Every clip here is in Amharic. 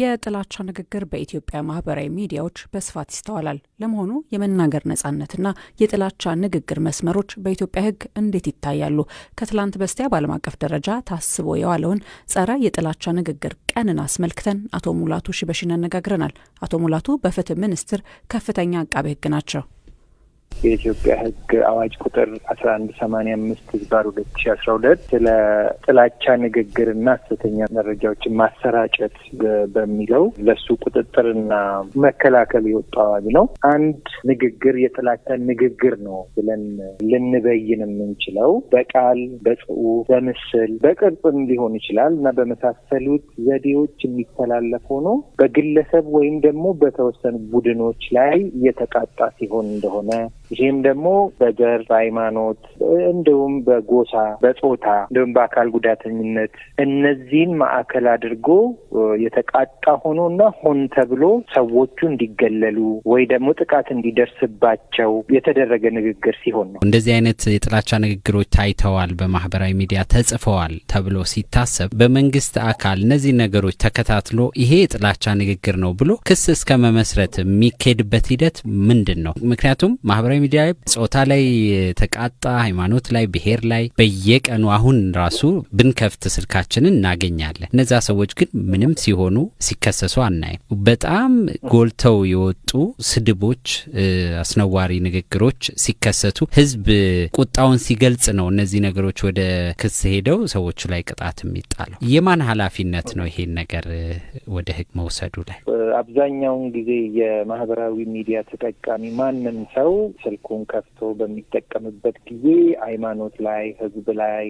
የጥላቻ ንግግር በኢትዮጵያ ማህበራዊ ሚዲያዎች በስፋት ይስተዋላል። ለመሆኑ የመናገር ነጻነትና የጥላቻ ንግግር መስመሮች በኢትዮጵያ ሕግ እንዴት ይታያሉ? ከትላንት በስቲያ በዓለም አቀፍ ደረጃ ታስቦ የዋለውን ጸረ የጥላቻ ንግግር ቀንን አስመልክተን አቶ ሙላቱ ሽበሽን ያነጋግረናል። አቶ ሙላቱ በፍትህ ሚኒስቴር ከፍተኛ አቃቤ ሕግ ናቸው። የኢትዮጵያ ህግ አዋጅ ቁጥር አስራ አንድ ሰማኒያ አምስት ህዝባር ሁለት ሺ አስራ ሁለት ስለ ጥላቻ ንግግርና ሐሰተኛ መረጃዎችን ማሰራጨት በሚለው ለሱ ቁጥጥርና መከላከል የወጡ አዋጅ ነው። አንድ ንግግር የጥላቻ ንግግር ነው ብለን ልንበይን የምንችለው በቃል በጽሁፍ፣ በምስል፣ በቅርጽም ሊሆን ይችላል እና በመሳሰሉት ዘዴዎች የሚተላለፍ ሆኖ በግለሰብ ወይም ደግሞ በተወሰኑ ቡድኖች ላይ እየተቃጣ ሲሆን እንደሆነ ይህም ደግሞ በዘር በሃይማኖት፣ እንዲሁም በጎሳ፣ በጾታ እንዲሁም በአካል ጉዳተኝነት እነዚህን ማዕከል አድርጎ የተቃጣ ሆኖ እና ሆን ተብሎ ሰዎቹ እንዲገለሉ ወይ ደግሞ ጥቃት እንዲደርስባቸው የተደረገ ንግግር ሲሆን ነው። እንደዚህ አይነት የጥላቻ ንግግሮች ታይተዋል፣ በማህበራዊ ሚዲያ ተጽፈዋል ተብሎ ሲታሰብ በመንግስት አካል እነዚህ ነገሮች ተከታትሎ ይሄ የጥላቻ ንግግር ነው ብሎ ክስ እስከ መመስረት የሚካሄድበት ሂደት ምንድን ነው? ምክንያቱም ማህበራዊ ማህበራዊ ሚዲያ ላይ ጾታ ላይ ተቃጣ፣ ሃይማኖት ላይ፣ ብሄር ላይ በየቀኑ አሁን ራሱ ብንከፍት ስልካችንን እናገኛለን። እነዛ ሰዎች ግን ምንም ሲሆኑ ሲከሰሱ አናይም። በጣም ጎልተው የወጡ ስድቦች፣ አስነዋሪ ንግግሮች ሲከሰቱ ህዝብ ቁጣውን ሲገልጽ ነው እነዚህ ነገሮች ወደ ክስ ሄደው ሰዎቹ ላይ ቅጣት የሚጣለው። የማን ኃላፊነት ነው ይሄን ነገር ወደ ህግ መውሰዱ ላይ? አብዛኛውን ጊዜ የማህበራዊ ሚዲያ ተጠቃሚ ማንም ሰው ስልኩን ከፍቶ በሚጠቀምበት ጊዜ ሃይማኖት ላይ፣ ህዝብ ላይ፣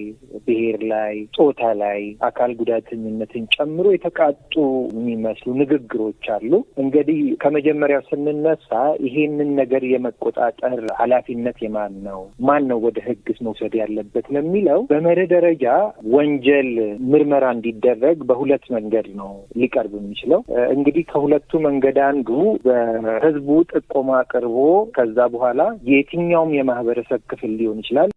ብሔር ላይ፣ ጾታ ላይ፣ አካል ጉዳተኝነትን ጨምሮ የተቃጡ የሚመስሉ ንግግሮች አሉ። እንግዲህ ከመጀመሪያው ስንነሳ ይሄንን ነገር የመቆጣጠር ኃላፊነት የማን ነው? ማን ነው ወደ ህግስ መውሰድ ያለበት ለሚለው በመርህ ደረጃ ወንጀል ምርመራ እንዲደረግ በሁለት መንገድ ነው ሊቀርብ የሚችለው። እንግዲህ ከሁለቱ መንገድ አንዱ በህዝቡ ጥቆማ አቅርቦ ከዛ በኋላ የትኛውም የማህበረሰብ ክፍል ሊሆን ይችላል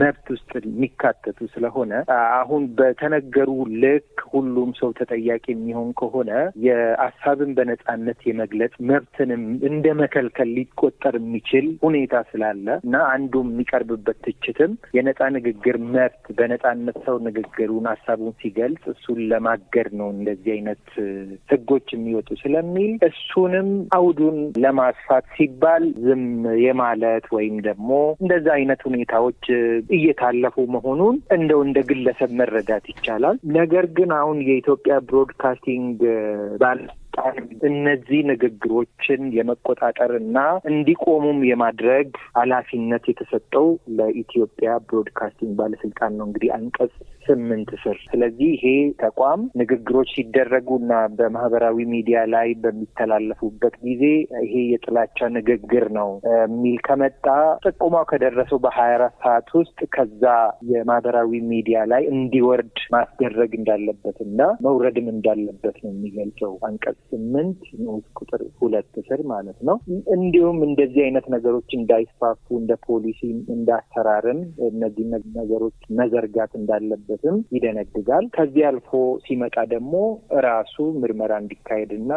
መብት ውስጥ የሚካተቱ ስለሆነ አሁን በተነገሩ ልክ ሁሉም ሰው ተጠያቂ የሚሆን ከሆነ የአሳብን በነጻነት የመግለጽ መብትንም እንደ መከልከል ሊቆጠር የሚችል ሁኔታ ስላለ እና አንዱ የሚቀርብበት ትችትም የነጻ ንግግር መብት በነጻነት ሰው ንግግሩን ሀሳቡን ሲገልጽ እሱን ለማገድ ነው እንደዚህ አይነት ህጎች የሚወጡ ስለሚል እሱንም አውዱን ለማስፋት ሲባል ዝም የማለት ወይም ደግሞ እንደዚህ አይነት ሁኔታዎች እየታለፉ መሆኑን እንደው እንደ ግለሰብ መረዳት ይቻላል። ነገር ግን አሁን የኢትዮጵያ ብሮድካስቲንግ ባለ ስልጣን እነዚህ ንግግሮችን የመቆጣጠር እና እንዲቆሙም የማድረግ ኃላፊነት የተሰጠው ለኢትዮጵያ ብሮድካስቲንግ ባለስልጣን ነው እንግዲህ አንቀጽ ስምንት ስር። ስለዚህ ይሄ ተቋም ንግግሮች ሲደረጉ እና በማህበራዊ ሚዲያ ላይ በሚተላለፉበት ጊዜ ይሄ የጥላቻ ንግግር ነው የሚል ከመጣ ጥቆማው ከደረሰው በሀያ አራት ሰዓት ውስጥ ከዛ የማህበራዊ ሚዲያ ላይ እንዲወርድ ማስደረግ እንዳለበት እና መውረድም እንዳለበት ነው የሚገልጸው አንቀጽ ስምንት ንዑስ ቁጥር ሁለት ስር ማለት ነው። እንዲሁም እንደዚህ አይነት ነገሮች እንዳይስፋፉ እንደ ፖሊሲ እንዳሰራርም እነዚህ ነገሮች መዘርጋት እንዳለበትም ይደነግጋል። ከዚህ አልፎ ሲመጣ ደግሞ ራሱ ምርመራ እንዲካሄድና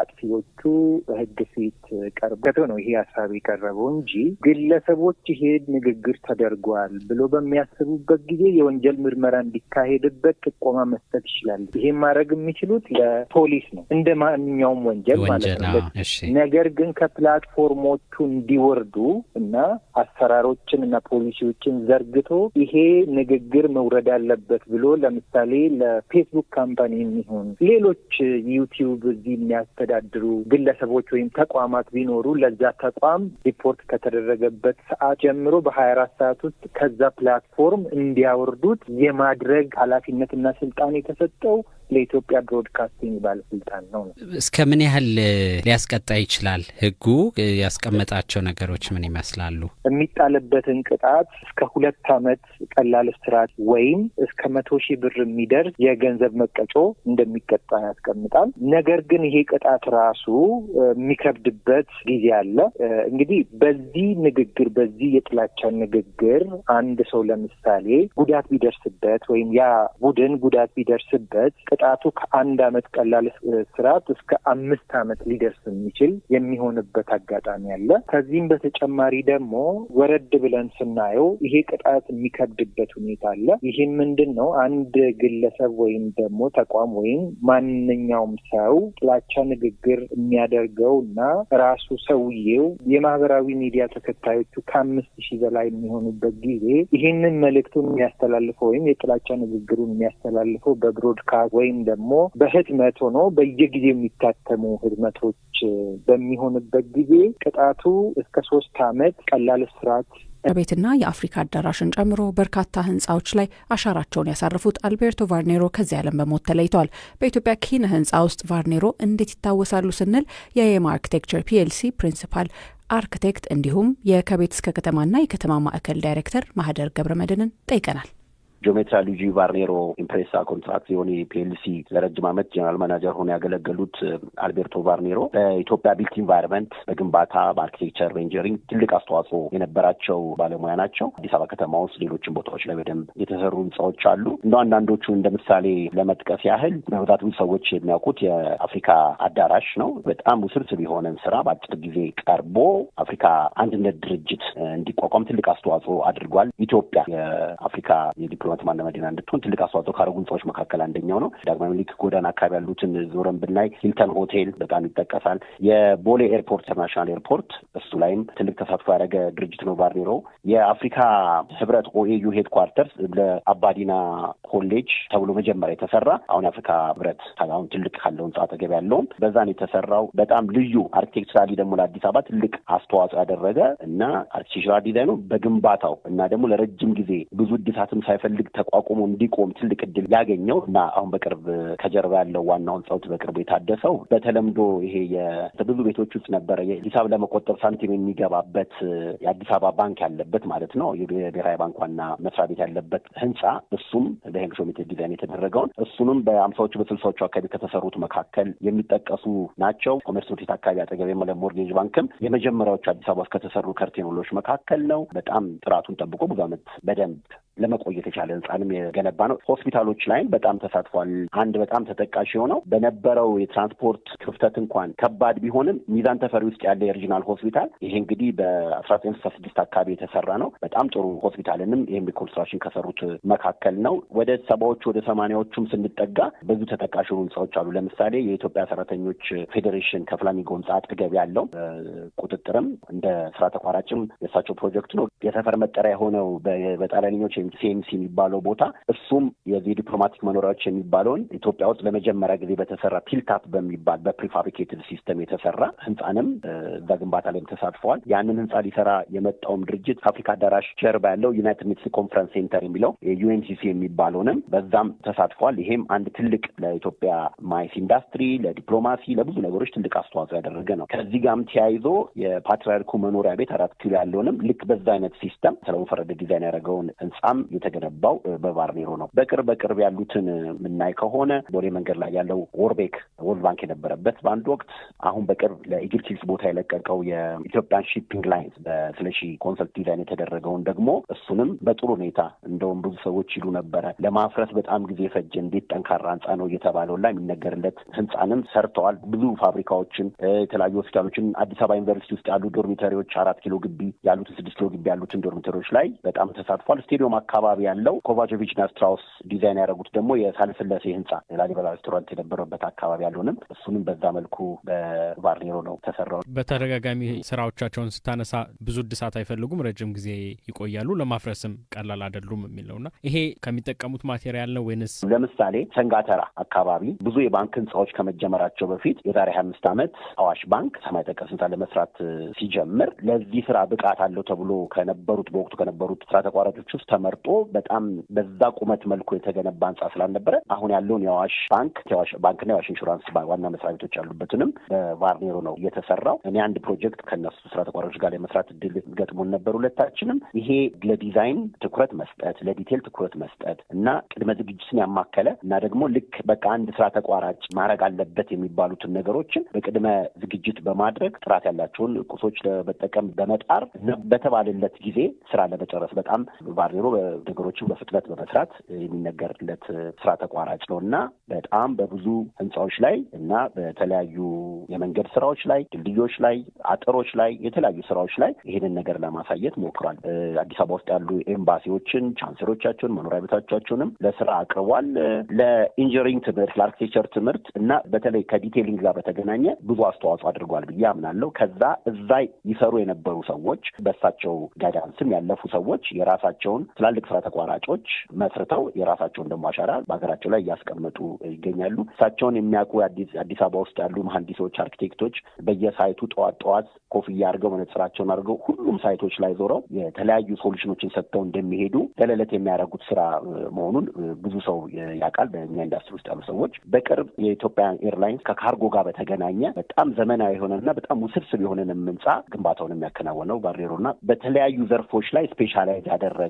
አጥፊዎቹ በሕግ ፊት ቀርበው ነው ይሄ ሀሳብ የቀረበው እንጂ ግለሰቦች ይሄ ንግግር ተደርጓል ብሎ በሚያስቡበት ጊዜ የወንጀል ምርመራ እንዲካሄድበት ጥቆማ መስጠት ይችላል። ይሄ ማድረግ የሚችሉት ለፖሊስ ነው እንደ የማንኛውም ወንጀል ማለት ነው። ነገር ግን ከፕላትፎርሞቹ እንዲወርዱ እና አሰራሮችን እና ፖሊሲዎችን ዘርግቶ ይሄ ንግግር መውረድ አለበት ብሎ ለምሳሌ ለፌስቡክ ካምፓኒ የሚሆን ሌሎች ዩቲዩብ እዚህ የሚያስተዳድሩ ግለሰቦች ወይም ተቋማት ቢኖሩ ለዛ ተቋም ሪፖርት ከተደረገበት ሰዓት ጀምሮ በሀያ አራት ሰዓት ውስጥ ከዛ ፕላትፎርም እንዲያወርዱት የማድረግ ኃላፊነትና ስልጣን የተሰጠው ለኢትዮጵያ ብሮድካስቲንግ ባለስልጣን ነው። እስከ ምን ያህል ሊያስቀጣ ይችላል? ህጉ ያስቀመጣቸው ነገሮች ምን ይመስላሉ? የሚጣልበትን ቅጣት እስከ ሁለት ዓመት ቀላል እስራት ወይም እስከ መቶ ሺህ ብር የሚደርስ የገንዘብ መቀጮ እንደሚቀጣ ያስቀምጣል። ነገር ግን ይሄ ቅጣት ራሱ የሚከብድበት ጊዜ አለ። እንግዲህ በዚህ ንግግር በዚህ የጥላቻ ንግግር አንድ ሰው ለምሳሌ ጉዳት ቢደርስበት ወይም ያ ቡድን ጉዳት ቢደርስበት ቅጣቱ ከአንድ አመት ቀላል ስርዓት እስከ አምስት አመት ሊደርስ የሚችል የሚሆንበት አጋጣሚ አለ። ከዚህም በተጨማሪ ደግሞ ወረድ ብለን ስናየው ይሄ ቅጣት የሚከብድበት ሁኔታ አለ። ይህም ምንድን ነው? አንድ ግለሰብ ወይም ደግሞ ተቋም ወይም ማንኛውም ሰው ጥላቻ ንግግር የሚያደርገው እና ራሱ ሰውዬው የማህበራዊ ሚዲያ ተከታዮቹ ከአምስት ሺህ በላይ የሚሆኑበት ጊዜ ይህንን መልእክቱን የሚያስተላልፈው ወይም የጥላቻ ንግግሩን የሚያስተላልፈው በብሮድካስት ወይ ወይም ደግሞ በህትመት ሆኖ በየጊዜው የሚታተሙ ህትመቶች በሚሆንበት ጊዜ ቅጣቱ እስከ ሶስት አመት ቀላል እስራት ቤትና የአፍሪካ አዳራሽን ጨምሮ በርካታ ህንፃዎች ላይ አሻራቸውን ያሳረፉት አልቤርቶ ቫርኔሮ ከዚህ ዓለም በሞት ተለይተዋል። በኢትዮጵያ ኪነ ህንፃ ውስጥ ቫርኔሮ እንዴት ይታወሳሉ ስንል የየማ አርኪቴክቸር ፒኤልሲ ፕሪንሲፓል አርክቴክት እንዲሁም የከቤት እስከ ከተማና የከተማ ማዕከል ዳይሬክተር ማህደር ገብረ መድንን ጠይቀናል። ጂኦሜትራ ልጂ ባርኔሮ ኢምፕሬሳ ኮንትራክሲዮን ፒኤልሲ ለረጅም ዓመት ጀነራል ማናጀር ሆኖ ያገለገሉት አልቤርቶ ባርኔሮ በኢትዮጵያ ቢልት ኢንቫይሮንመንት በግንባታ በአርኪቴክቸር በኢንጂነሪንግ ትልቅ አስተዋጽኦ የነበራቸው ባለሙያ ናቸው። አዲስ አበባ ከተማ ውስጥ ሌሎችን ቦታዎች ላይ በደንብ የተሰሩ ህንፃዎች አሉ። እንደ አንዳንዶቹ እንደ ምሳሌ ለመጥቀስ ያህል በብዛት ብዙ ሰዎች የሚያውቁት የአፍሪካ አዳራሽ ነው። በጣም ውስብስብ የሆነን ስራ በአጭር ጊዜ ቀርቦ አፍሪካ አንድነት ድርጅት እንዲቋቋም ትልቅ አስተዋጽኦ አድርጓል። ኢትዮጵያ የአፍሪካ የዲፕሎ ልማት ዋና መዲና እንድትሆን ትልቅ አስተዋጽኦ ካደረጉ ህንፃዎች መካከል አንደኛው ነው። ዳግማዊ ምኒልክ ጎዳና አካባቢ ያሉትን ዞረን ብናይ ሂልተን ሆቴል በጣም ይጠቀሳል። የቦሌ ኤርፖርት ኢንተርናሽናል ኤርፖርት እሱ ላይም ትልቅ ተሳትፎ ያደረገ ድርጅት ነው ባርኔሮ። የአፍሪካ ህብረት ኦኤዩ ሄድኳርተርስ ለአባዲና ኮሌጅ ተብሎ መጀመሪያ የተሰራ አሁን የአፍሪካ ህብረት አሁን ትልቅ ካለው ህንፃ አጠገብ ያለውም በዛን የተሰራው በጣም ልዩ አርኪቴክቸራሊ ደግሞ ለአዲስ አበባ ትልቅ አስተዋጽኦ ያደረገ እና አርኪቴክቸራል ዲዛይኑ በግንባታው እና ደግሞ ለረጅም ጊዜ ብዙ እድሳትም ሳይፈልግ ትልቅ ተቋቁሞ እንዲቆም ትልቅ እድል ያገኘው እና አሁን በቅርብ ከጀርባ ያለው ዋናው ህንጻውት በቅርቡ የታደሰው በተለምዶ ይሄ የብዙ ቤቶች ውስጥ ነበረ ሂሳብ ለመቆጠብ ሳንቲም የሚገባበት የአዲስ አበባ ባንክ ያለበት ማለት ነው የብሔራዊ ባንክ ዋና መስሪያ ቤት ያለበት ህንፃ እሱም በሄንግ ሾሚት ዲዛይን የተደረገውን እሱንም በአምሳዎቹ በስልሳዎቹ አካባቢ ከተሰሩት መካከል የሚጠቀሱ ናቸው። ኮሜርስ ፊት አካባቢ አጠገብ ሞርጌጅ ባንክም የመጀመሪያዎቹ አዲስ አበባ ውስጥ ከተሰሩ ከርቴኖሎች መካከል ነው። በጣም ጥራቱን ጠብቆ ብዙ አመት በደንብ ለመቆየት የቻለ ህንፃንም የገነባ ነው። ሆስፒታሎች ላይም በጣም ተሳትፏል። አንድ በጣም ተጠቃሽ የሆነው በነበረው የትራንስፖርት ክፍተት እንኳን ከባድ ቢሆንም ሚዛን ተፈሪ ውስጥ ያለ የሪጂናል ሆስፒታል ይሄ እንግዲህ በአስራ ዘጠኝ ስልሳ ስድስት አካባቢ የተሰራ ነው። በጣም ጥሩ ሆስፒታልንም ይህም ሪኮንስትራክሽን ከሰሩት መካከል ነው። ወደ ሰባዎቹ ወደ ሰማኒያዎቹም ስንጠጋ ብዙ ተጠቃሽ የሆኑ ህንፃዎች አሉ። ለምሳሌ የኢትዮጵያ ሰራተኞች ፌዴሬሽን ከፍላሚንጎ ህንፃ አጠገብ ያለው ቁጥጥርም እንደ ስራ ተቋራጭም የእሳቸው ፕሮጀክት ነው። የሰፈር መጠሪያ የሆነው በጣሊያንኞች ወይም ሴንስ የሚባለው ቦታ እሱም የዚህ ዲፕሎማቲክ መኖሪያዎች የሚባለውን ኢትዮጵያ ውስጥ ለመጀመሪያ ጊዜ በተሰራ ፒልታፕ በሚባል በፕሪፋብሪኬትድ ሲስተም የተሰራ ህንፃንም እዛ ግንባታ ላይም ተሳትፈዋል። ያንን ህንፃ ሊሰራ የመጣውም ድርጅት ከአፍሪካ አዳራሽ ጀርባ ያለው ዩናይትድ ኔሽንስ ኮንፈረንስ ሴንተር የሚለው የዩኤንሲሲ የሚባለውንም በዛም ተሳትፈዋል። ይሄም አንድ ትልቅ ለኢትዮጵያ ማይስ ኢንዱስትሪ፣ ለዲፕሎማሲ፣ ለብዙ ነገሮች ትልቅ አስተዋጽኦ ያደረገ ነው። ከዚህ ጋርም ተያይዞ የፓትሪያርኩ መኖሪያ ቤት አራት ኪሎ ያለውንም ልክ በዛ አይነት ሲስተም ሰለሞን ፈረደ ዲዛይን ያደረገውን ህንፃ በጣም የተገነባው በባርኔሮ ነው። በቅርብ በቅርብ ያሉትን የምናይ ከሆነ ቦሌ መንገድ ላይ ያለው ወርቤክ ወርልድ ባንክ የነበረበት በአንድ ወቅት አሁን በቅርብ ለኢግርቲስ ቦታ የለቀቀው የኢትዮጵያን ሺፒንግ ላይንስ በስለሺ ኮንሰልት ዲዛይን የተደረገውን ደግሞ እሱንም በጥሩ ሁኔታ እንደውም ብዙ ሰዎች ይሉ ነበረ ለማፍረስ በጣም ጊዜ ፈጀ፣ እንዴት ጠንካራ ህንፃ ነው እየተባለው ላ የሚነገርለት ህንፃንም ሰርተዋል። ብዙ ፋብሪካዎችን፣ የተለያዩ ሆስፒታሎችን አዲስ አበባ ዩኒቨርሲቲ ውስጥ ያሉ ዶርሚተሪዎች አራት ኪሎ ግቢ ያሉትን ስድስት ኪሎ ግቢ ያሉትን ዶርሚተሪዎች ላይ በጣም ተሳትፏል። ስቴዲየም አካባቢ ያለው ኮቫቾቪችና ስትራውስ ዲዛይን ያደረጉት ደግሞ የሳለስላሴ ህንፃ ላሊበላ ሬስቶራንት የነበረበት አካባቢ ያለውንም እሱንም በዛ መልኩ በቫርኔሮ ነው ተሰራው። በተደጋጋሚ ስራዎቻቸውን ስታነሳ ብዙ እድሳት አይፈልጉም፣ ረጅም ጊዜ ይቆያሉ፣ ለማፍረስም ቀላል አይደሉም የሚለው እና ይሄ ከሚጠቀሙት ማቴሪያል ነው ወይንስ ለምሳሌ ሰንጋተራ አካባቢ ብዙ የባንክ ህንፃዎች ከመጀመራቸው በፊት የዛሬ ሀያ አምስት ዓመት አዋሽ ባንክ ሰማይ ጠቀስ ህንፃ ለመስራት ሲጀምር ለዚህ ስራ ብቃት አለው ተብሎ ከነበሩት በወቅቱ ከነበሩት ስራ ተቋራጮች ውስጥ ተመር ተቆርጦ በጣም በዛ ቁመት መልኩ የተገነባ ህንፃ ስላልነበረ አሁን ያለውን የአዋሽ ባንክ የአዋሽ ባንክና የአዋሽ ኢንሹራንስ ዋና መስሪያ ቤቶች ያሉበትንም በቫርኔሮ ነው እየተሰራው። እኔ አንድ ፕሮጀክት ከነሱ ስራ ተቋራጮች ጋር የመስራት እድል ገጥሞን ነበር ሁለታችንም። ይሄ ለዲዛይን ትኩረት መስጠት፣ ለዲቴል ትኩረት መስጠት እና ቅድመ ዝግጅትን ያማከለ እና ደግሞ ልክ በቃ አንድ ስራ ተቋራጭ ማድረግ አለበት የሚባሉትን ነገሮችን በቅድመ ዝግጅት በማድረግ ጥራት ያላቸውን ቁሶች ለመጠቀም በመጣር በተባለለት ጊዜ ስራ ለመጨረስ በጣም ቫርኔሮ ነገሮችን በፍጥነት በመስራት የሚነገርለት ስራ ተቋራጭ ነው እና በጣም በብዙ ህንፃዎች ላይ እና በተለያዩ የመንገድ ስራዎች ላይ፣ ድልድዮች ላይ፣ አጥሮች ላይ፣ የተለያዩ ስራዎች ላይ ይህንን ነገር ለማሳየት ሞክሯል። አዲስ አበባ ውስጥ ያሉ ኤምባሲዎችን፣ ቻንስሎቻቸውን፣ መኖሪያ ቤቶቻቸውንም ለስራ አቅርቧል። ለኢንጂነሪንግ ትምህርት፣ ለአርክቴክቸር ትምህርት እና በተለይ ከዲቴይሊንግ ጋር በተገናኘ ብዙ አስተዋጽኦ አድርጓል ብዬ አምናለሁ። ከዛ እዛ ይሰሩ የነበሩ ሰዎች በሳቸው ጋዳንስም ያለፉ ሰዎች የራሳቸውን ትላልቅ ስራ ተቋራጮች መስርተው የራሳቸውን ደግሞ አሻራ በሀገራቸው ላይ እያስቀመጡ ይገኛሉ። እሳቸውን የሚያውቁ አዲስ አበባ ውስጥ ያሉ መሀንዲሶች፣ አርኪቴክቶች በየሳይቱ ጠዋት ጠዋት ኮፍያ አድርገው መነጽራቸውን አድርገው ሁሉም ሳይቶች ላይ ዞረው የተለያዩ ሶሉሽኖችን ሰጥተው እንደሚሄዱ ለለለት የሚያደርጉት ስራ መሆኑን ብዙ ሰው ያውቃል። በእኛ ኢንዱስትሪ ውስጥ ያሉ ሰዎች በቅርብ የኢትዮጵያ ኤርላይንስ ከካርጎ ጋር በተገናኘ በጣም ዘመናዊ የሆነና በጣም ውስብስብ የሆነንም ህንጻ ግንባታውን የሚያከናወነው ባሬሮና በተለያዩ ዘርፎች ላይ ስፔሻላይዝ ያደረገ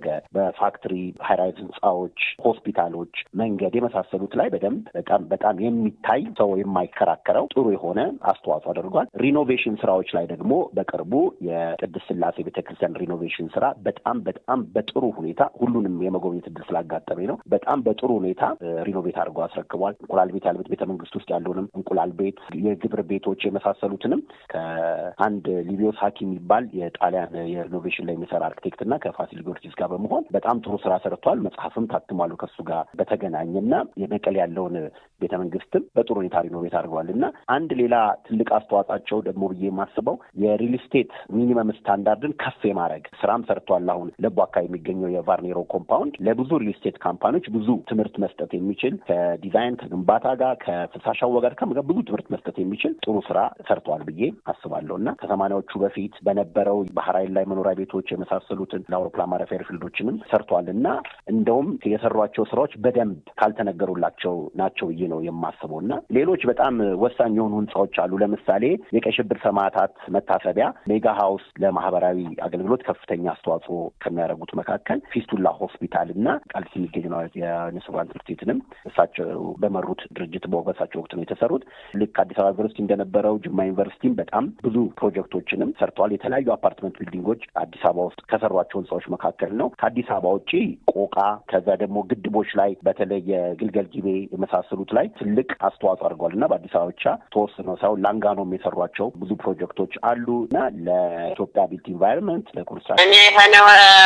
ፋክትሪ ሀይራይዝ ህንፃዎች፣ ሆስፒታሎች፣ መንገድ የመሳሰሉት ላይ በደንብ በጣም በጣም የሚታይ ሰው የማይከራከረው ጥሩ የሆነ አስተዋጽኦ አድርጓል። ሪኖቬሽን ስራዎች ላይ ደግሞ በቅርቡ የቅድስት ስላሴ ቤተክርስቲያን ሪኖቬሽን ስራ በጣም በጣም በጥሩ ሁኔታ ሁሉንም የመጎብኘት እድል ስላጋጠመኝ ነው። በጣም በጥሩ ሁኔታ ሪኖቬት አድርጎ አስረክቧል። እንቁላል ቤት ያለበት ቤተ መንግስት ውስጥ ያለውንም እንቁላል ቤት፣ የግብር ቤቶች የመሳሰሉትንም ከአንድ ሊቢዮስ ሀኪም የሚባል የጣሊያን የሪኖቬሽን ላይ የሚሰራ አርክቴክት እና ከፋሲል ጊዮርጊስ ጋር በመሆን በጣም ጥሩ ስራ ሰርቷል። መጽሐፍም ታትሟል ከሱ ጋር በተገናኘ እና የመቀሌ ያለውን ቤተ መንግስትም በጥሩ ሁኔታ ሪኖቬት አድርገዋል እና አንድ ሌላ ትልቅ አስተዋጽቸው ደግሞ ብዬ የማስበው የሪል ስቴት ሚኒመም ስታንዳርድን ከፍ የማድረግ ስራም ሰርቷል። አሁን ለቡ አካባቢ የሚገኘው የቫርኔሮ ኮምፓውንድ ለብዙ ሪል ስቴት ካምፓኒዎች ብዙ ትምህርት መስጠት የሚችል ከዲዛይን ከግንባታ ጋር ከፍሳሽ አወጋገድ ጋር ብዙ ትምህርት መስጠት የሚችል ጥሩ ስራ ሰርተዋል ብዬ አስባለሁ እና ከሰማንያዎቹ በፊት በነበረው ባህር ኃይል ላይ መኖሪያ ቤቶች የመሳሰሉትን ለአውሮፕላን ማረፊያ ፊልዶችንም ሰርቷል እና እንደውም የሰሯቸው ስራዎች በደንብ ካልተነገሩላቸው ናቸው ብዬ ነው የማስበው እና ሌሎች በጣም ወሳኝ የሆኑ ህንፃዎች አሉ። ለምሳሌ የቀይ ሽብር ሰማዕታት መታሰቢያ ሜጋ ሀውስ ለማህበራዊ አገልግሎት ከፍተኛ አስተዋጽኦ ከሚያደርጉት መካከል ፊስቱላ ሆስፒታል እና ቃሊቲ የሚገኘው የንስሯን ትምህርት ቤትንም እሳቸው በመሩት ድርጅት በወገሳቸው ወቅት ነው የተሰሩት። ልክ አዲስ አበባ ዩኒቨርሲቲ እንደነበረው ጅማ ዩኒቨርሲቲም በጣም ብዙ ፕሮጀክቶችንም ሰርተዋል። የተለያዩ አፓርትመንት ቢልዲንጎች አዲስ አበባ ውስጥ ከሰሯቸው ህንፃዎች መካከል ነው። ከአዲስ አበባ ውጪ ቆቃ፣ ከዛ ደግሞ ግድቦች ላይ በተለይ የግልገል ጊቤ የመሳሰሉት ላይ ትልቅ አስተዋጽኦ አድርጓል እና በአዲስ አበባ ብቻ ተወስነው ሳይሆን ላንጋኖም የሰሯቸው ብዙ ፕሮጀክቶች አሉ እና ለኢትዮጵያ ቢልት ኢንቫይሮንመንት ለኩርሳ እኔ የሆነ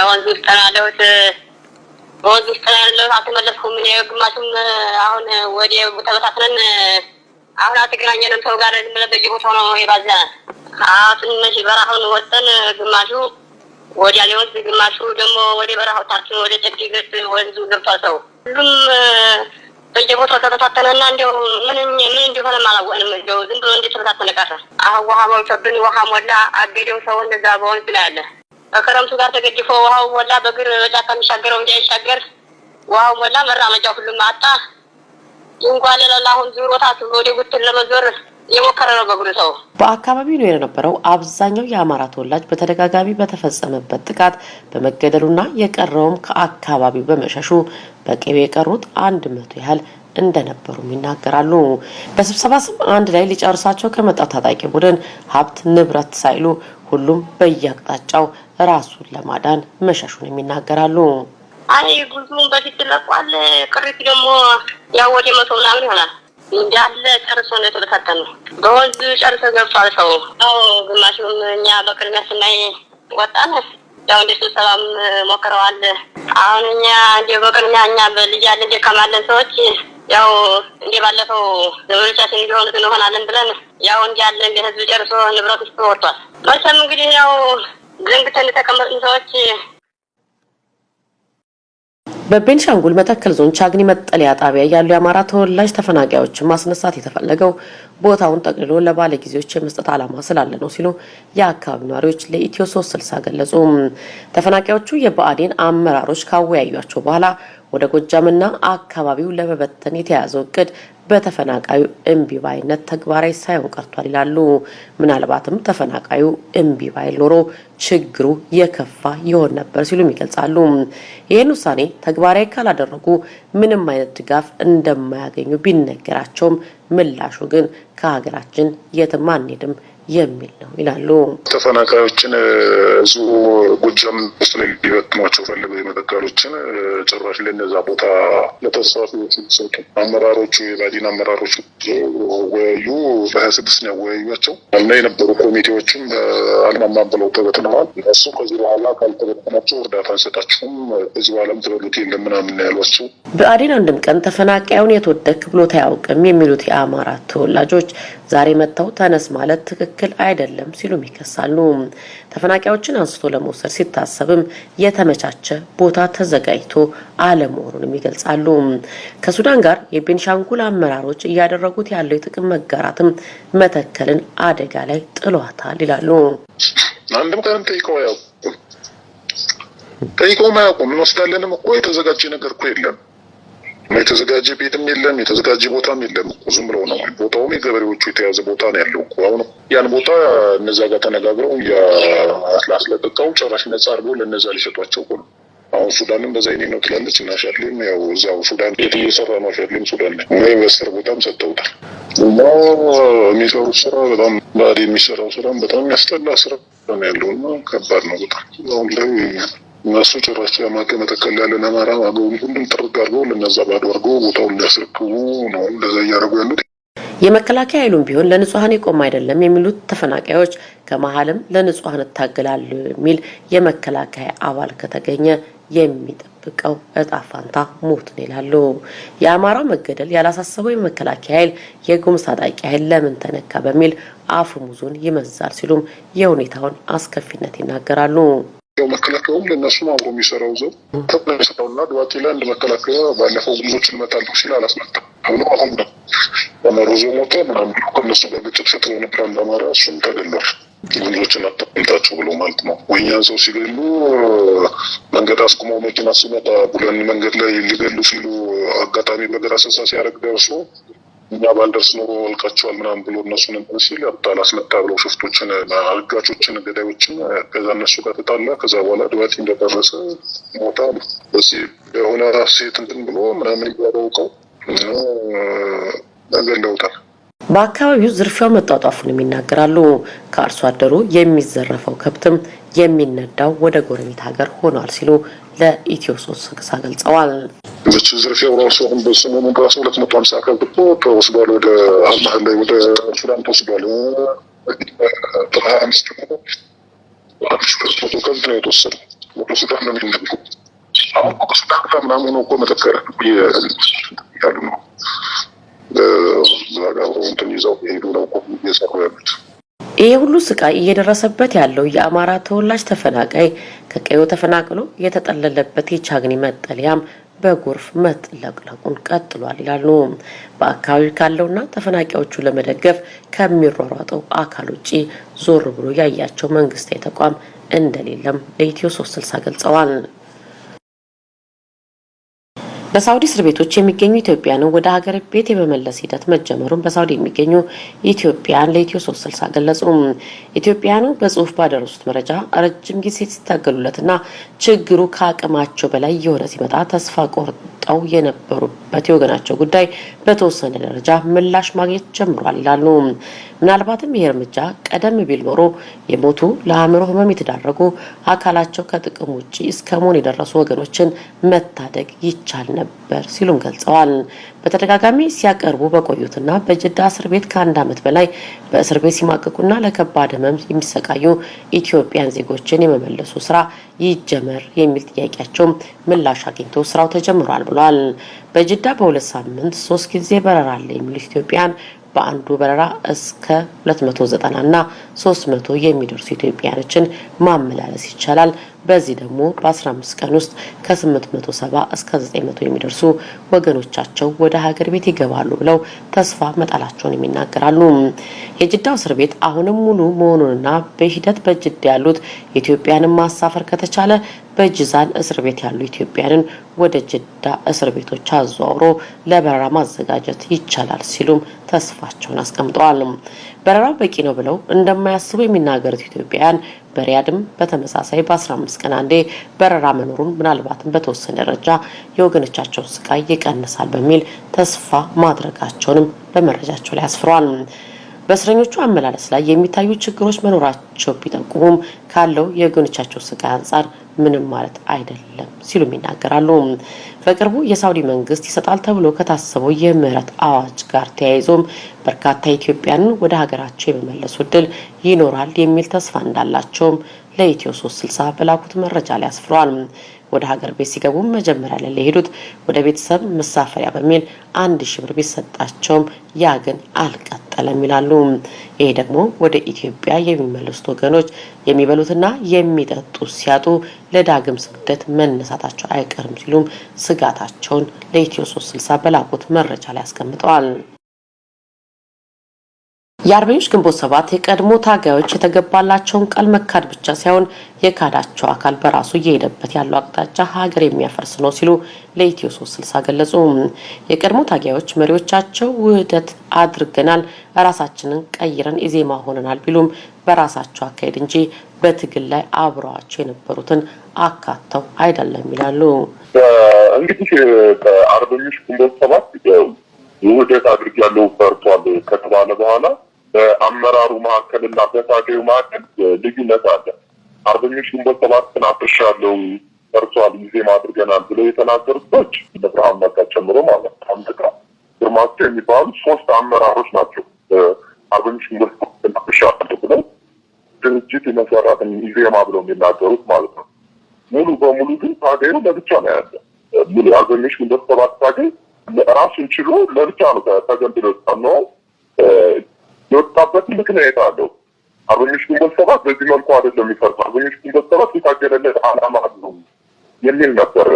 ወንዝ ውስጥ ላለሁት በወንዝ ውስጥ ላለሁት አልተመለስኩም። እኔ ግማሹም አሁን ወደ ተበታትነን አሁን አልተገናኘንም። ሰው ጋር ቦታ ነው ይባዛ አሁን ትንሽ በረሃውን ወጠን ግማሹ ወዲያ ሊወስድ፣ ግማሹ ደግሞ ወደ በረሃው ታች ወደ ጨዲገት ወንዙ ገብቷ ሰው ሁሉም በየቦታው ተበታተነና እንዲያው ምን ምን እንዲሆነ አላወቅንም። እንዲያው ዝም ብሎ እንደተበታተነ ቀረ። አሁን ውሃ ሞልቶብን ውሃ ሞላ አገደው ሰው እንደዛ በሆን ላይ አለ። ከክረምቱ ጋር ተገድፎ ውሃው ሞላ። በእግር ጫካ የሚሻገረው እንዳይሻገር ውሃው ሞላ። መራመጃ ሁሉም አጣ። ድንኳን ለሌላ አሁን ዙሮታት ወደ ጉትን ለመዞር የሞከረ ነው በጉድ ሰው። በአካባቢው ነው የነበረው አብዛኛው የአማራ ተወላጅ በተደጋጋሚ በተፈጸመበት ጥቃት በመገደሉና የቀረውም ከአካባቢው በመሸሹ በቅቤ የቀሩት አንድ መቶ ያህል እንደነበሩም ይናገራሉ። በስብሰባ ስም አንድ ላይ ሊጨርሳቸው ከመጣው ታጣቂ ቡድን ሀብት ንብረት ሳይሉ ሁሉም በየአቅጣጫው ራሱን ለማዳን መሸሹንም ይናገራሉ። አይ ጉዙም በፊት ለቋል። ቅሪት ደግሞ ያወደ መቶ ምናምን ይሆናል ያለ ጨርሶ ነው የተበታተነው። በወንዝ ጨርሶ ገብቷል ሰው። አዎ ግማሹም እኛ በቅድሚያ ስናይ ወጣን። ያው እንደ ስብሰባም ሞክረዋል። አሁን እኛ እንደ በቅድሚያ እኛ በልጅ ያለ ከማለን ሰዎች ያው እንደ ባለፈው ዘመዶቻችን እንዲሆኑት እንሆናለን ብለን ያው እንዲ ያለ እንደ ህዝብ ጨርሶ ንብረት ውስጥ ወጥቷል። መቼም እንግዲህ ያው ዝንግተን የተቀመጥን ሰዎች በቤንሻንጉል መተከል ዞን ቻግኒ መጠለያ ጣቢያ ያሉ የአማራ ተወላጅ ተፈናቃዮችን ማስነሳት የተፈለገው ቦታውን ጠቅልሎ ለባለ ጊዜዎች የመስጠት ዓላማ ስላለ ነው ሲሉ የአካባቢ ነዋሪዎች ለኢትዮ ሶስት ስልሳ ገለጹ። ተፈናቃዮቹ የብአዴን አመራሮች ካወያዩቸው በኋላ ወደ ጎጃምና አካባቢው ለመበተን የተያዘው እቅድ በተፈናቃዩ እምቢባይነት ተግባራዊ ሳይሆን ቀርቷል ይላሉ። ምናልባትም ተፈናቃዩ እምቢባይ ኖሮ ችግሩ የከፋ ይሆን ነበር ሲሉም ይገልጻሉ። ይህን ውሳኔ ተግባራዊ ካላደረጉ ምንም አይነት ድጋፍ እንደማያገኙ ቢነገራቸውም ምላሹ ግን ከሀገራችን የትም አንሄድም የሚል ነው ይላሉ። ተፈናቃዮችን እዚሁ ጎጃም ውስጥ ነው ሊበትኗቸው ፈልገው የመጠቃሎችን ጭራሽ ለነዛ ቦታ ለተሳፊዎች ሰጡ። አመራሮቹ የባዲን አመራሮች ወያዩ በሀያ ስድስት ነው ያወያዩቸው እና የነበሩ ኮሚቴዎችም አልማማም ብለው ተበትነዋል። እሱ ከዚህ በኋላ ካልተበትናቸው እርዳታ አንሰጣችሁም ከዚህ በኋላም ትበሉት የለም ያሏቸው። ብአዴን አንድም ቀን ተፈናቃዩን የት ወደክ ብሎት አያውቅም የሚሉት የአማራ ተወላጆች ዛሬ መጥተው ተነስ ማለት ትክክል አይደለም ሲሉም ይከሳሉ። ተፈናቃዮችን አንስቶ ለመውሰድ ሲታሰብም የተመቻቸ ቦታ ተዘጋጅቶ አለመሆኑንም ይገልጻሉ። ከሱዳን ጋር የቤንሻንጉል አመራሮች እያደረጉት ያለው የጥቅም መጋራትም መተከልን አደጋ ላይ ጥሏታል ይላሉ። አንድም ቀን ጠይቀው አያውቁም። ጠይቀውም አያውቁም። እንወስዳለንም እኮ የተዘጋጀ ነገር እኮ የለም። የተዘጋጀ ቤትም የለም፣ የተዘጋጀ ቦታም የለም። ዝም ብለው ነው። ቦታውም የገበሬዎቹ የተያዘ ቦታ ነው ያለው እኮ። አሁን ያን ቦታ እነዛ ጋር ተነጋግረው ላስለቅቀው ጨራሽ ነጻ አድርገው ለነዛ ሊሰጧቸው እኮ ነው። አሁን ሱዳንም በዛ ይኔ ነው ትላለች እና ሻድሊም ያው እዛው ሱዳን ቤት እየሰራ ነው። ሻድሊም ሱዳን ላይ ወይ በስር ቦታም ሰጥተውታል እና የሚሰሩት ስራ በጣም ባድ የሚሰራው ስራም በጣም ያስጠላ ስራ ነው ያለው እና ከባድ ነው በጣም አሁን ላይ እነሱ ጭራሽ ያማቀ መተከል ያለን አማራ አገውን ሁሉም ጥርግ አድርገው ለነዛ ባዶ አድርገው ቦታውን እንዲያስረክቡ ነው እንደዛ እያደረጉ ያሉት። የመከላከያ ኃይሉም ቢሆን ለንጹሐን የቆም አይደለም የሚሉት ተፈናቃዮች ከመሀልም ለንጹሐን እታገላሉ የሚል የመከላከያ አባል ከተገኘ የሚጠብቀው እጣ ፋንታ ሞት ነው ይላሉ። የአማራው መገደል ያላሳሰበው የመከላከያ ኃይል የጉምዝ ታጣቂ ኃይል ለምን ተነካ በሚል አፍ ሙዙን ይመዛል ሲሉም የሁኔታውን አስከፊነት ይናገራሉ። ያው መከላከያውም ለእነሱም አብሮ የሚሰራው ዘው ተሰራው እና ድባቴ ላይ አንድ መከላከያ ባለፈው ጉዞች እንመጣለሁ ሲል አላስመጣም ብሎ አሁን ነው አማሮ ዞ ሞተ ምናምን ብሎ ከነሱ ጋር ግጭት ፈጥሮ ነበር። አንድ አማራ እሱም ተገሏል። ጉዞችን አታምጣቸው ብሎ ማለት ነው። ወኛን ሰው ሲገሉ መንገድ አስቁመው መኪና ሲመጣ ቡለን መንገድ ላይ ሊገሉ ሲሉ አጋጣሚ በግር አሰሳ ሲያደርግ ደርሶ እኛ ባልደርስ ኖሮ ወልቃቸዋል ምናምን ብሎ እነሱን እንትን ሲል ያጣል አስመታ ብለው ሽፍቶችን፣ አጋቾችን፣ ገዳዮችን ከዛ እነሱ ጋር ተጣላ። ከዛ በኋላ ድባቴ እንደደረሰ ሞታ በዚህ የሆነ ሴት እንትን ብሎ ምናምን እያረውቀው ገለውታል። በአካባቢው ዝርፊያው መጧጧፉንም ይናገራሉ። ከአርሶ አደሩ የሚዘረፈው ከብትም የሚነዳው ወደ ጎረቤት ሀገር ሆኗል ሲሉ ለኢትዮ ሶስት ስልሳ ገልጸዋል። እዚች ዝርፊያው ራሱ አሁን በሰሞኑ ራሱ ሁለት መቶ ሀምሳ ከብቶ ተወስዷል። ወደ አልማህል ላይ ወደ ሱዳን ተወስዷል። ጥርሀ አምስት ደግሞ ሁለት ነው የተወሰደ ወደ ሱዳን ነው የሚ አሁን ከሱዳን ጋር ምናምን ሆኖ እኮ መተከረ ያሉ ነው ዛጋ እንትን ይዘው ሄዱ ነው እኮ እየሰሩ ያሉት ይህ ሁሉ ስቃይ እየደረሰበት ያለው የአማራ ተወላጅ ተፈናቃይ ከቀዩ ተፈናቅሎ የተጠለለበት የቻግኒ መጠለያም በጎርፍ መጥለቅለቁን ቀጥሏል ይላሉ። በአካባቢ ካለውና ተፈናቃዮቹ ለመደገፍ ከሚሯሯጠው አካል ውጭ ዞር ብሎ ያያቸው መንግስታዊ ተቋም እንደሌለም ለኢትዮ ሶስት ስልሳ ገልጸዋል። በሳውዲ እስር ቤቶች የሚገኙ ኢትዮጵያውያንን ወደ ሀገር ቤት የመመለስ ሂደት መጀመሩን በሳውዲ የሚገኙ ኢትዮጵያን ለኢትዮ ሶስት ስልሳ ገለጹ። ኢትዮጵያኑ በጽሁፍ ባደረሱት መረጃ ረጅም ጊዜ ሲታገሉለትና ችግሩ ከአቅማቸው በላይ የሆነ ሲመጣ ተስፋ ቆርጠው የነበሩበት የወገናቸው ጉዳይ በተወሰነ ደረጃ ምላሽ ማግኘት ጀምሯል ይላሉ። ምናልባትም ይህ እርምጃ ቀደም ቢል ኖሮ የሞቱ ለአእምሮ ህመም የተዳረጉ አካላቸው ከጥቅም ውጭ እስከ መሆን የደረሱ ወገኖችን መታደግ ይቻል ነበር ሲሉም ገልጸዋል። በተደጋጋሚ ሲያቀርቡ በቆዩትና በጅዳ እስር ቤት ከአንድ ዓመት በላይ በእስር ቤት ሲማቀቁና ለከባድ ህመም የሚሰቃዩ ኢትዮጵያን ዜጎችን የመመለሱ ስራ ይጀመር የሚል ጥያቄያቸውም ምላሽ አግኝቶ ስራው ተጀምሯል ብሏል። በጅዳ በሁለት ሳምንት ሶስት ጊዜ በረራ አለ የሚሉት ኢትዮጵያን በአንዱ በረራ እስከ 290 እና 300 የሚደርሱ ኢትዮጵያውያኖችን ማመላለስ ይቻላል። በዚህ ደግሞ በ15 ቀን ውስጥ ከ870 እስከ 900 የሚደርሱ ወገኖቻቸው ወደ ሀገር ቤት ይገባሉ ብለው ተስፋ መጣላቸውን ይናገራሉ። የጅዳው እስር ቤት አሁንም ሙሉ መሆኑንና በሂደት በጅዳ ያሉት ኢትዮጵያንም ማሳፈር ከተቻለ በጅዛን እስር ቤት ያሉ ኢትዮጵያንን ወደ ጅዳ እስር ቤቶች አዘዋውሮ ለበረራ ማዘጋጀት ይቻላል ሲሉም ተስፋቸውን አስቀምጠዋል። በረራ በቂ ነው ብለው እንደማያስቡ የሚናገሩት ኢትዮጵያውያን በሪያድም በተመሳሳይ በ15 ቀን አንዴ በረራ መኖሩን ምናልባትም በተወሰነ ደረጃ የወገኖቻቸውን ስቃይ ይቀንሳል በሚል ተስፋ ማድረጋቸውንም በመረጃቸው ላይ አስፍሯል። በእስረኞቹ አመላለስ ላይ የሚታዩ ችግሮች መኖራቸው ቢጠቁሙም ካለው የወገኖቻቸው ስቃይ አንጻር ምንም ማለት አይደለም ሲሉም ይናገራሉ። በቅርቡ የሳውዲ መንግስት ይሰጣል ተብሎ ከታሰበው የምህረት አዋጅ ጋር ተያይዞም በርካታ ኢትዮጵያን ወደ ሀገራቸው የመመለሱ እድል ይኖራል የሚል ተስፋ እንዳላቸውም ለኢትዮ ሶስት ስልሳ በላኩት መረጃ ላይ አስፍሯል። ወደ ሀገር ቤት ሲገቡ መጀመሪያ ላይ ለሄዱት ወደ ቤተሰብ መሳፈሪያ በሚል አንድ ሺ ብር ቢሰጣቸውም ያ ግን አልቀጠለም ይላሉ። ይሄ ደግሞ ወደ ኢትዮጵያ የሚመለሱት ወገኖች የሚበሉትና የሚጠጡት ሲያጡ ለዳግም ስደት መነሳታቸው አይቀርም ሲሉም ስጋታቸውን ለኢትዮ ሶስት ስልሳ በላኩት መረጃ ላይ አስቀምጠዋል። የአርበኞች ግንቦት ሰባት የቀድሞ ታጋዮች የተገባላቸውን ቃል መካድ ብቻ ሳይሆን የካዳቸው አካል በራሱ እየሄደበት ያለው አቅጣጫ ሀገር የሚያፈርስ ነው ሲሉ ለኢትዮ ሶስት ስልሳ ገለጹ። የቀድሞ ታጋዮች መሪዎቻቸው ውህደት አድርገናል፣ ራሳችንን ቀይረን ኢዜማ ሆነናል ቢሉም በራሳቸው አካሄድ እንጂ በትግል ላይ አብረዋቸው የነበሩትን አካተው አይደለም ይላሉ። እንግዲህ በአርበኞች ግንቦት ሰባት ውህደት አድርጌያለሁ ፈርቷል ከተባለ በኋላ በአመራሩ መካከል እና በታጋዩ መካከል ልዩነት አለ። አርበኞች ግንቦት ሰባትን አፍርሻለሁ ፈርሷል ጊዜም አድርገናል ብለው የተናገሩ ሰዎች ብርሃኑ ነጋን ጨምሮ ማለት አንድ ቃ ግርማቸው የሚባሉ ሶስት አመራሮች ናቸው። አርበኞች ግንቦት ሰባትን አፍርሻለሁ ብለው ድርጅት የመሰራትን ኢዜማ ብለው የሚናገሩት ማለት ነው። ሙሉ በሙሉ ግን ታጋዩ ለብቻ ነው ያለ። ሙሉ አርበኞች ግንቦት ሰባት ታጋይ ራሱን ችሎ ለብቻ ነው ተገንብሎ ነው የወጣበት ምክንያት አለው። አርበኞች ግንቦት ሰባት በዚህ መልኩ አይደለም የሚፈርስ አርበኞች ግንቦት ሰባት የታገለለት አላማ አለው የሚል ነበር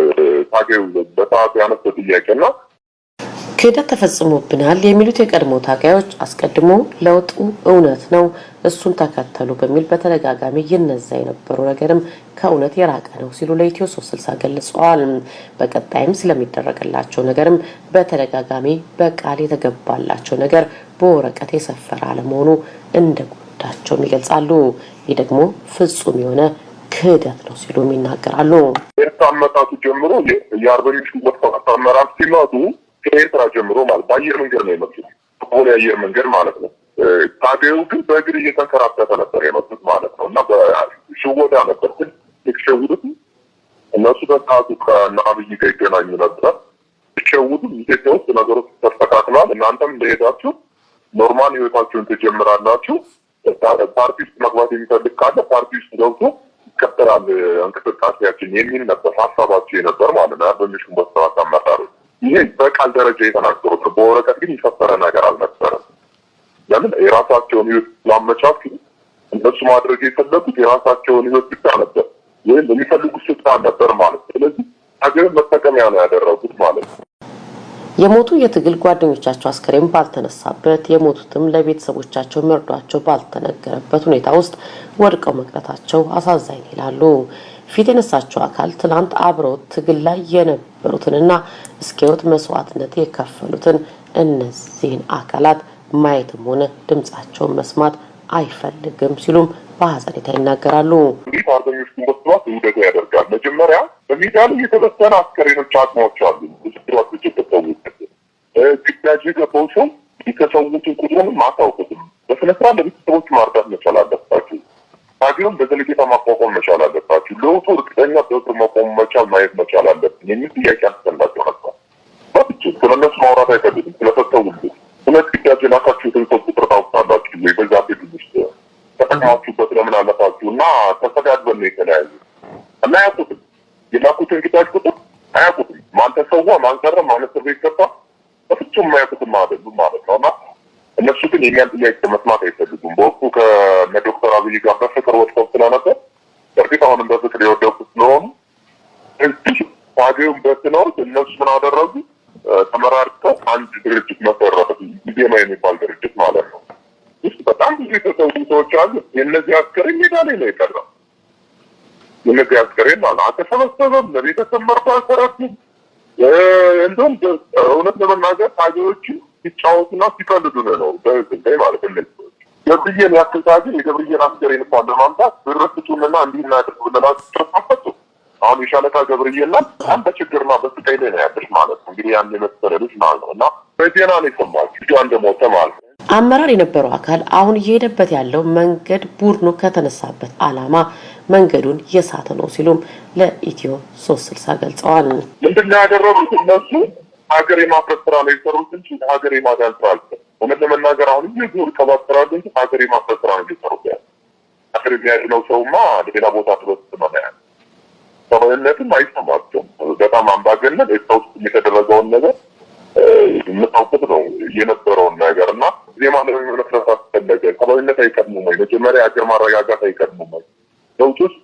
ታገዩ በሰዓቱ ያነሰ ጥያቄ እና ክህደት ተፈጽሞብናል የሚሉት የቀድሞ ታጋዮች አስቀድሞ ለውጡ እውነት ነው፣ እሱን ተከተሉ በሚል በተደጋጋሚ ይነዛ የነበሩ ነገርም ከእውነት የራቀ ነው ሲሉ ለኢትዮ ሶስት ስልሳ ገልጸዋል። በቀጣይም ስለሚደረግላቸው ነገርም በተደጋጋሚ በቃል የተገባላቸው ነገር በወረቀት የሰፈረ አለመሆኑ ጉዳቸውም ይገልጻሉ። ይህ ደግሞ ፍጹም የሆነ ክህደት ነው ሲሉም ይናገራሉ። ኤርትራ ጀምሮ የአርበኞች ጉበት አመራር ሲመጡ ከኤርትራ ጀምሮ ማለት በአየር መንገድ ነው የመጡት፣ ቦሌ አየር መንገድ ማለት ነው። ታዲያው ግን በእግር እየተንከራተተ ነበር የመጡት ማለት ነው። እና ሽወዳ ነበር ግን የተሸውዱት እነሱ በሰዓቱ ከአብይ ጋር ይገናኙ ነበር። የተሸውዱት ኢትዮጵያ ውስጥ ነገሮች ተስተካክለዋል፣ እናንተም እንደሄዳችሁ ኖርማል ህይወታችሁን ትጀምራላችሁ። ፓርቲ ውስጥ መግባት የሚፈልግ ካለ ፓርቲ ውስጥ ገብቶ ይከተላል እንቅስቃሴያችን የሚል ነበር ሀሳባቸው የነበር ማለት ነው። በሚሹም በሰባት አመራሮች ይሄ በቃል ደረጃ የተናገሩት ነው። በወረቀት ግን የሰፈረ ነገር አልነበረም። ለምን የራሳቸውን ህይወት ላመቻት እነሱ ማድረግ የፈለጉት የራሳቸውን ህይወት ብቻ ነበር፣ ወይም የሚፈልጉት ስልጣን ነበር ማለት ነው። ስለዚህ ሀገርን መጠቀሚያ ነው ያደረጉት ማለት ነው። የሞቱ የትግል ጓደኞቻቸው አስከሬን ባልተነሳበት የሞቱትም ለቤተሰቦቻቸው መርዷቸው ባልተነገረበት ሁኔታ ውስጥ ወድቀው መቅረታቸው አሳዛኝ ይላሉ። ፊት የነሳቸው አካል ትናንት አብረው ትግል ላይ የነበሩትንና እስከ መስዋዕትነት የከፈሉትን እነዚህን አካላት ማየትም ሆነ ድምጻቸውን መስማት አይፈልግም ሲሉም በሀዘኔታ ይናገራሉ። እንግዲህ አርበኞች ውደት ያደርጋል። መጀመሪያ ላይ የተበተነ አስከሬኖች አቅማዎች አሉ። ግዳጅ የገባው ሰው የተሰዉትን ቁጥሩንም አታውቁትም። በስነስራ ለቤተሰቦች ማርዳት መቻል አለባቸው። ፓርቲውን በዘለቄታ ማቋቋም መቻል አለባችሁ፣ ለውጡ እርግጠኛ በእግር መቆም መቻል ማየት መቻል አለብን የሚል ጥያቄ አንስተንላቸው ነበር። በብቻ ስለነሱ ማውራት አይፈልግም። ስለፈተውሉ ሁለት ግዳጅ የላካችሁ የተንሰጡ ትረታውታላችሁ ወይ በዛ ፊልድ ውስጥ ተጠቅማችሁበት ለምን አለፋችሁ እና ተሰዳድበን ነው የተለያዩ እና አያውቁትም። የላኩትን ግዳጅ ቁጥር አያውቁትም። ማን ተሰዋ፣ ማን ቀረ፣ ማን እስር ቤት ገባ በፍጹም የማያውቁትም አይደሉም ማለት ነው እና እነሱ ግን የኛን ጥያቄ መስማት አይፈልጉም። በወቅቱ ከነ ከዚህ ጋር በፍቅር ወጥተው ስለነበር በእርግጥ አሁንም በፍቅር የወደቁ ስለሆኑ ፓዲዮም እነሱ ምን አደረጉ? ተመራርተው አንድ ድርጅት መሰረቱ። ኢዜማ የሚባል ድርጅት ማለት ነው። ውስጥ በጣም ብዙ የተሰዉ ሰዎች አሉ። የእነዚህ አስከሬን ሜዳ ላይ ነው የቀረው። የእነዚህ አስከሬን አልተሰበሰበም፣ ለቤተሰብ መርቶ እንደውም እውነት ለመናገር ታዲያዎቹ ሲጫወቱና ሲቀልዱ ነው በህዝብ ላይ ማለት የብዬን ያክል ታግን የገብርዬን አስከሬን እንኳን ለማምጣት ብረፍቱንና ስጡንና እንዲህ እናድርግ ብለናል። ተፋፈጡ አሁን የሻለቃ ገብርዬና በጣም በችግርና በስቃይ ላይ ነው ያለች ማለት ነው። እንግዲህ ያን የመሰለ ልጅ ማለት ነው እና በዜና ነው የሰማሁት ልጇ እንደሞተ ማለት ነው። አመራር የነበረው አካል አሁን እየሄደበት ያለው መንገድ ቡድኑ ከተነሳበት አላማ መንገዱን የሳተ ነው ሲሉም ለኢትዮ ሶስት ስልሳ ገልጸዋል። ምንድነው ያደረጉት እነሱ ሀገር የማፍረስ ስራ ነው የሰሩት እንጂ ሀገር የማዳን ስራ አልሰሩም። እውነት ለመናገር አሁን ዙር ሰባት ስራ ለ ሀገር የማፍረስ ስራ ነው የሚሰሩ ያለ ሀገር የሚያድነው ሰውማ ሌላ ቦታ ድረስ መናያል ሰብአዊነትም አይሰማቸውም። በጣም አምባገነን ኤርትራ ውስጥ የተደረገውን ነገር የምታውቁት ነው የነበረውን ነገር እና ዜማ ለመመስረት አስፈለገ። ሰብአዊነት አይቀድሙም ወይ? መጀመሪያ ሀገር ማረጋጋት አይቀድሙም ወይ? ለውጦች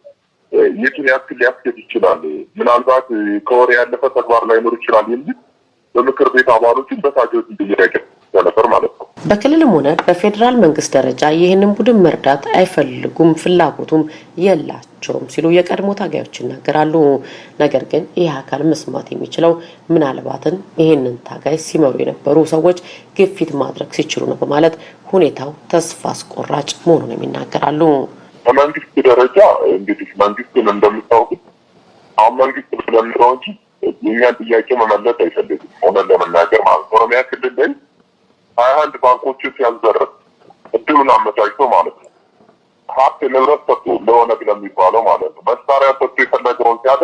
የቱን ያክል ሊያስኬድ ይችላል? ምናልባት ከወሬ ያለፈ ተግባር ላይኖር ይችላል የሚል በምክር ቤት አባሎችን በታጆት ጥያቄ ነበር ማለት ነው። በክልልም ሆነ በፌዴራል መንግስት ደረጃ ይህንን ቡድን መርዳት አይፈልጉም፣ ፍላጎቱም የላቸውም ሲሉ የቀድሞ ታጋዮች ይናገራሉ። ነገር ግን ይህ አካል መስማት የሚችለው ምናልባትን ይህንን ታጋይ ሲመሩ የነበሩ ሰዎች ግፊት ማድረግ ሲችሉ ነው በማለት ሁኔታው ተስፋ አስቆራጭ መሆኑን ይናገራሉ። በመንግስት ደረጃ እንግዲህ መንግስትን እንደምታውቁት አሁን መንግስት ብለን እንጂ እኛን ጥያቄ መመለስ አይፈልግም ሆነን ለመናገር ማለት ኦሮሚያ ክልል ላይ ሀያ አንድ ባንኮች ውስጥ ያልዘረፍ እድሉን አመቻችቶ ማለት ነው ሀብት ንብረት ሰጡ ለኦነግ ለሚባለው ማለት ነው መሳሪያ ሰጡ የፈለገውን ሲያደ